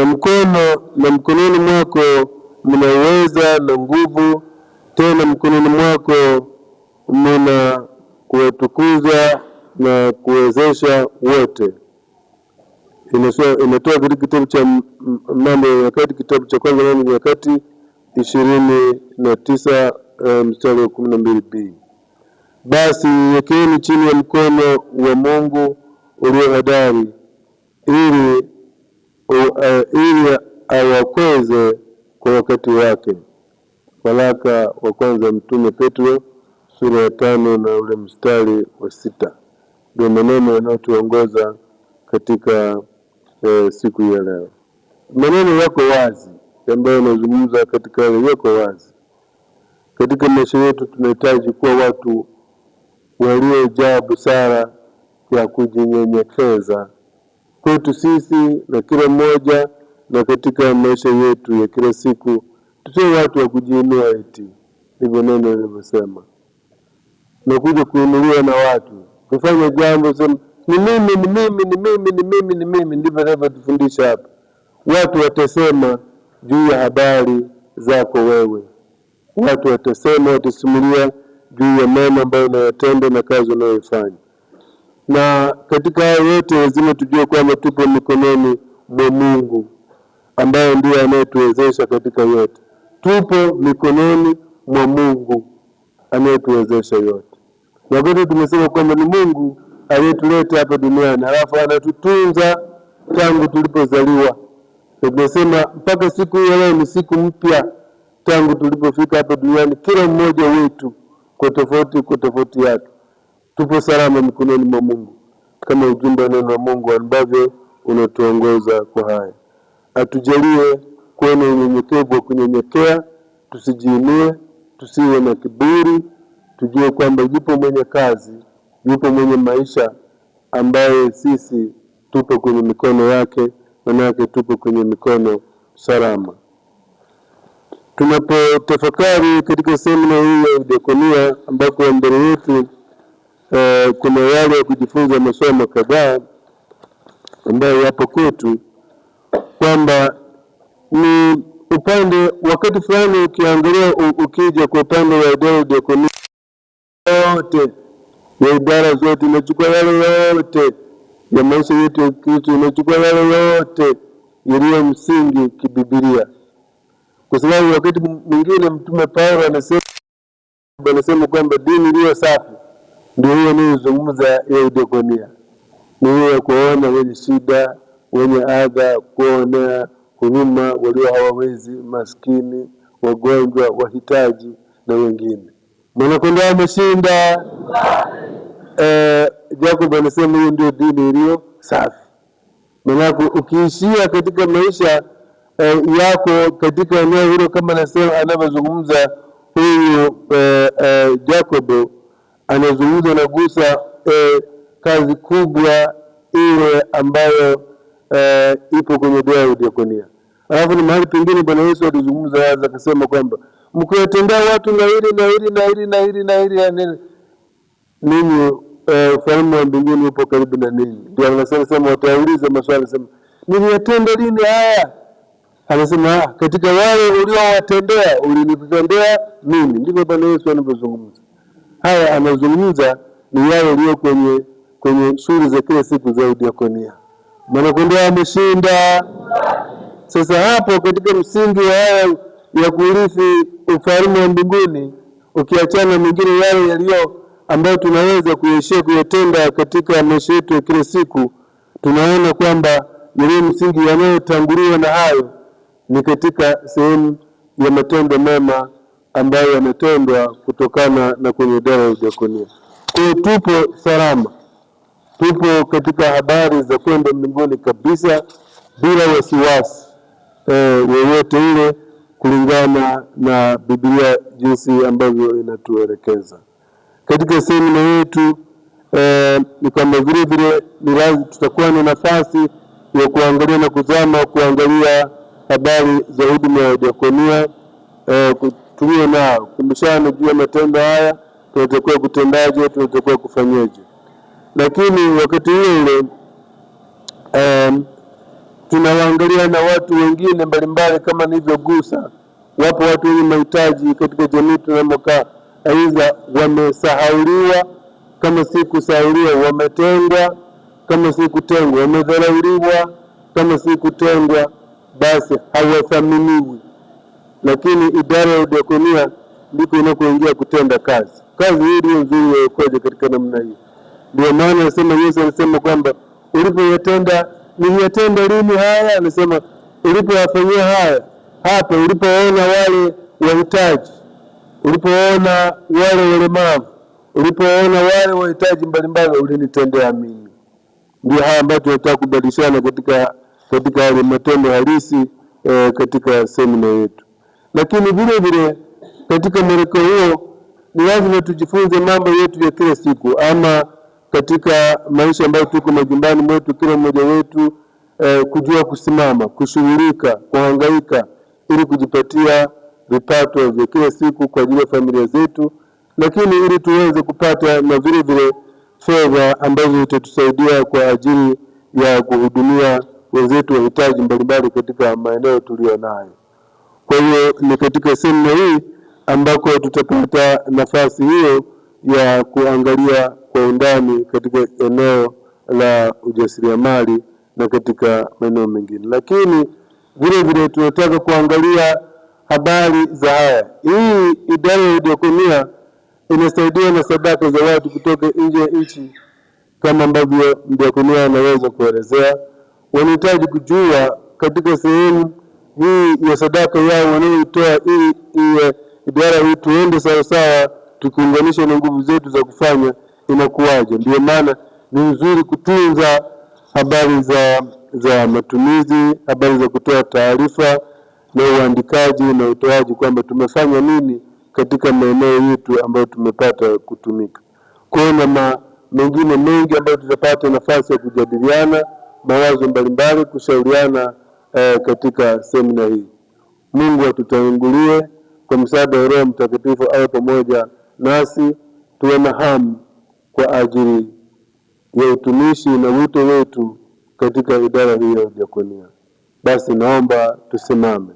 na mkono na mkononi mwako mna uweza na nguvu, tena mkononi mwako mna kuwatukuza na kuwezesha wote. inatoa katika kitabu cha Mambo ya Nyakati, kitabu cha kwanza Mambo ya Nyakati ishirini na tisa eh, mstari wa kumi na mbili b basi nyenyekeni chini ya mkono wa Mungu ulio hodari ili eh, ili awakweze kwa wakati wake. Waraka wa kwanza Mtume Petro sura ya tano na ule mstari wa sita ndio maneno yanayotuongoza katika e, siku ya leo. Maneno yako wazi ambayo yanazungumza katika yale yako wazi. Katika maisha yetu tunahitaji kuwa watu waliojaa busara ya kujinyenyekeza kwetu sisi na kila mmoja na katika maisha yetu ya kila siku, tusio watu wa kujiinua eti, hivyo neno ilivyosema, Nakuja kuinuliwa na watu kufanya jambo, sema ni mimi, ni mimi, ni mimi, ni mimi, ni mimi. Ndivyo anavyotufundisha hapa. Watu watasema juu ya habari zako wewe, watu watasema, watasimulia juu ya mema ambayo unayotenda na kazi unayoifanya na katika hayo yote lazima tujue kwamba tupo mikononi mwa Mungu ambaye ndiye anayetuwezesha katika yote. Tupo mikononi mwa Mungu anayetuwezesha yote. Wakati tumesema kwamba ni Mungu aliyetuleta hapa duniani, halafu anatutunza tangu tulipozaliwa. Tumesema mpaka siku hii leo ni siku mpya tangu tulipofika hapa duniani, kila mmoja wetu kwa tofauti kwa tofauti yake tupo salama mikononi mwa Mungu, kama ujumbe wa neno wa Mungu ambavyo unatuongoza kwa haya. Atujalie kuwa na unyenyekevu wa kunyenyekea, tusijiinue, tusiwe na kiburi, tujue kwamba yupo mwenye kazi, yupo mwenye maisha ambaye sisi tupo kwenye mikono yake, manake tupo kwenye mikono salama. Tunapotafakari katika semina hii ya diakonia, ambako mbele yetu Eh, kuna yale ya kujifunza masomo kadhaa ambayo yapo kwetu kwamba ni upande wakati fulani ukiangalia, ukija kwa upande wa idara diakonia yote ya idara zote inachukua yale yote ya maisha yetu ya Kristo, inachukua yale yote iliyo msingi kibibilia, kwa sababu wakati mwingine Mtume Paulo anasema anasema kwamba dini iliyo safi ndio hiyo anayozungumza ya idekonia, ni hiyo ya wenye shida, wenye adha, kuonea huruma walio hawawezi, maskini, wagonjwa, wahitaji na wengine. Mwanakondo ameshinda. Eh, Jacob anasema hiyo ndio dini iliyo safi. Maanake ukiishia katika maisha eh, yako katika eneo hilo kama anasema anavyozungumza huyu e, anazungumza nagusa e, eh, kazi kubwa ile ambayo e, ipo kwenye dua ya udiakonia. Alafu ni mahali pengine Bwana Yesu alizungumza wazi akasema kwamba mkiwatendea watu na hili na hili na hili na hili na hili ninyi eh, ufalme wa mbinguni upo karibu na ninyi. Ndio anasema sema, watauliza maswali sema niliyatenda lini haya? Anasema ah, katika wale uliowatendea ulinitendea mimi. Ndivyo Bwana Yesu anavyozungumza haya anazungumza ni yale yaliyo kwenye kwenye shughuli za kila siku za udiakonia. Mwanakondoo ameshinda. Sasa hapo katika msingi wa haya ya kurithi ufalme wa mbinguni, ukiachana mengine yale yaliyo ambayo tunaweza kuishia kuyatenda katika maisha yetu ya kila siku, tunaona kwamba yaliyo msingi yanayotanguliwa na hayo ni katika sehemu ya matendo mema ambayo yametendwa kutokana na kwenye dawa ya udiakonia. Kwa hiyo tupo salama, tupo katika habari za kwenda mbinguni kabisa bila wasiwasi eh, yoyote e, ile kulingana na Biblia jinsi ambavyo inatuelekeza katika semina yetu e, ni kwamba vile vile ni lazima tutakuwa na nafasi ya kuangalia na kuzama kuangalia habari za huduma ya diakonia e, eh, tuwe nao, kumbushana juu ya matendo haya, tunatakiwa kutendaje, tunatakiwa kufanyeje. Lakini wakati huo ule um, tunawaangalia na watu wengine mbalimbali, kama nilivyogusa, wapo watu wenye mahitaji katika jamii tunamokaa, aidha wamesahauliwa, kama si kusahauliwa, wametengwa, kama si kutengwa, wamedharauliwa, kama si kutengwa, basi hawathaminiwi lakini idara ya udiakonia ndiko inakoingia kutenda kazi. Kazi hii ndio nzuri ya uokoaji katika namna hii. Ndio maana anasema Yesu anasema kwamba ulipoyatenda, niliyatenda lini haya? Anasema ulipoyafanyia haya hapa, ulipoona wale wahitaji, ulipoona wale walemavu, ulipoona wale wahitaji mbalimbali, ulinitendea mimi. Ndio haya ambayo tunataka kubadilishana katika katika hali matendo halisi eh, katika semina yetu lakini vile vile katika mwelekeo huo ni lazima tujifunze mambo yetu ya kila siku, ama katika maisha ambayo tuko majumbani mwetu, kila mmoja wetu eh, kujua kusimama, kushughulika, kuhangaika ili kujipatia vipato vya kila siku kwa ajili ya familia zetu, lakini ili tuweze kupata na vile vile fedha ambazo zitatusaidia kwa ajili ya kuhudumia wenzetu wahitaji mbalimbali katika maeneo tuliyo nayo. Kwa hiyo ni katika semina hii ambako tutapata nafasi hiyo ya kuangalia kwa undani katika eneo la ujasiriamali na katika maeneo mengine, lakini vile vile tunataka kuangalia habari za haya. Hii idara ya diakonia inasaidia na sadaka za watu kutoka nje ya nchi, kama ambavyo mdiakonia anaweza kuelezea. Wanahitaji kujua katika sehemu hii ya sadaka yao wanayoitoa ili iwe idara hii, tuende sawasawa, tukiunganisha na nguvu zetu za kufanya inakuwaje. ndio maana ni nzuri kutunza habari za, za matumizi, habari za kutoa taarifa na uandikaji na utoaji, kwamba tumefanya nini katika maeneo yetu ambayo tumepata kutumika. Kwa hiyo na mengine mengi ambayo tutapata nafasi ya kujadiliana mawazo mbalimbali, kushauriana eh, katika semina hii. Mungu atutangulie kwa msaada wa Roho Mtakatifu, awe pamoja nasi, tuwe na hamu kwa ajili ya utumishi na wito wetu katika idara hiyo ya diakonia. Basi naomba tusimame.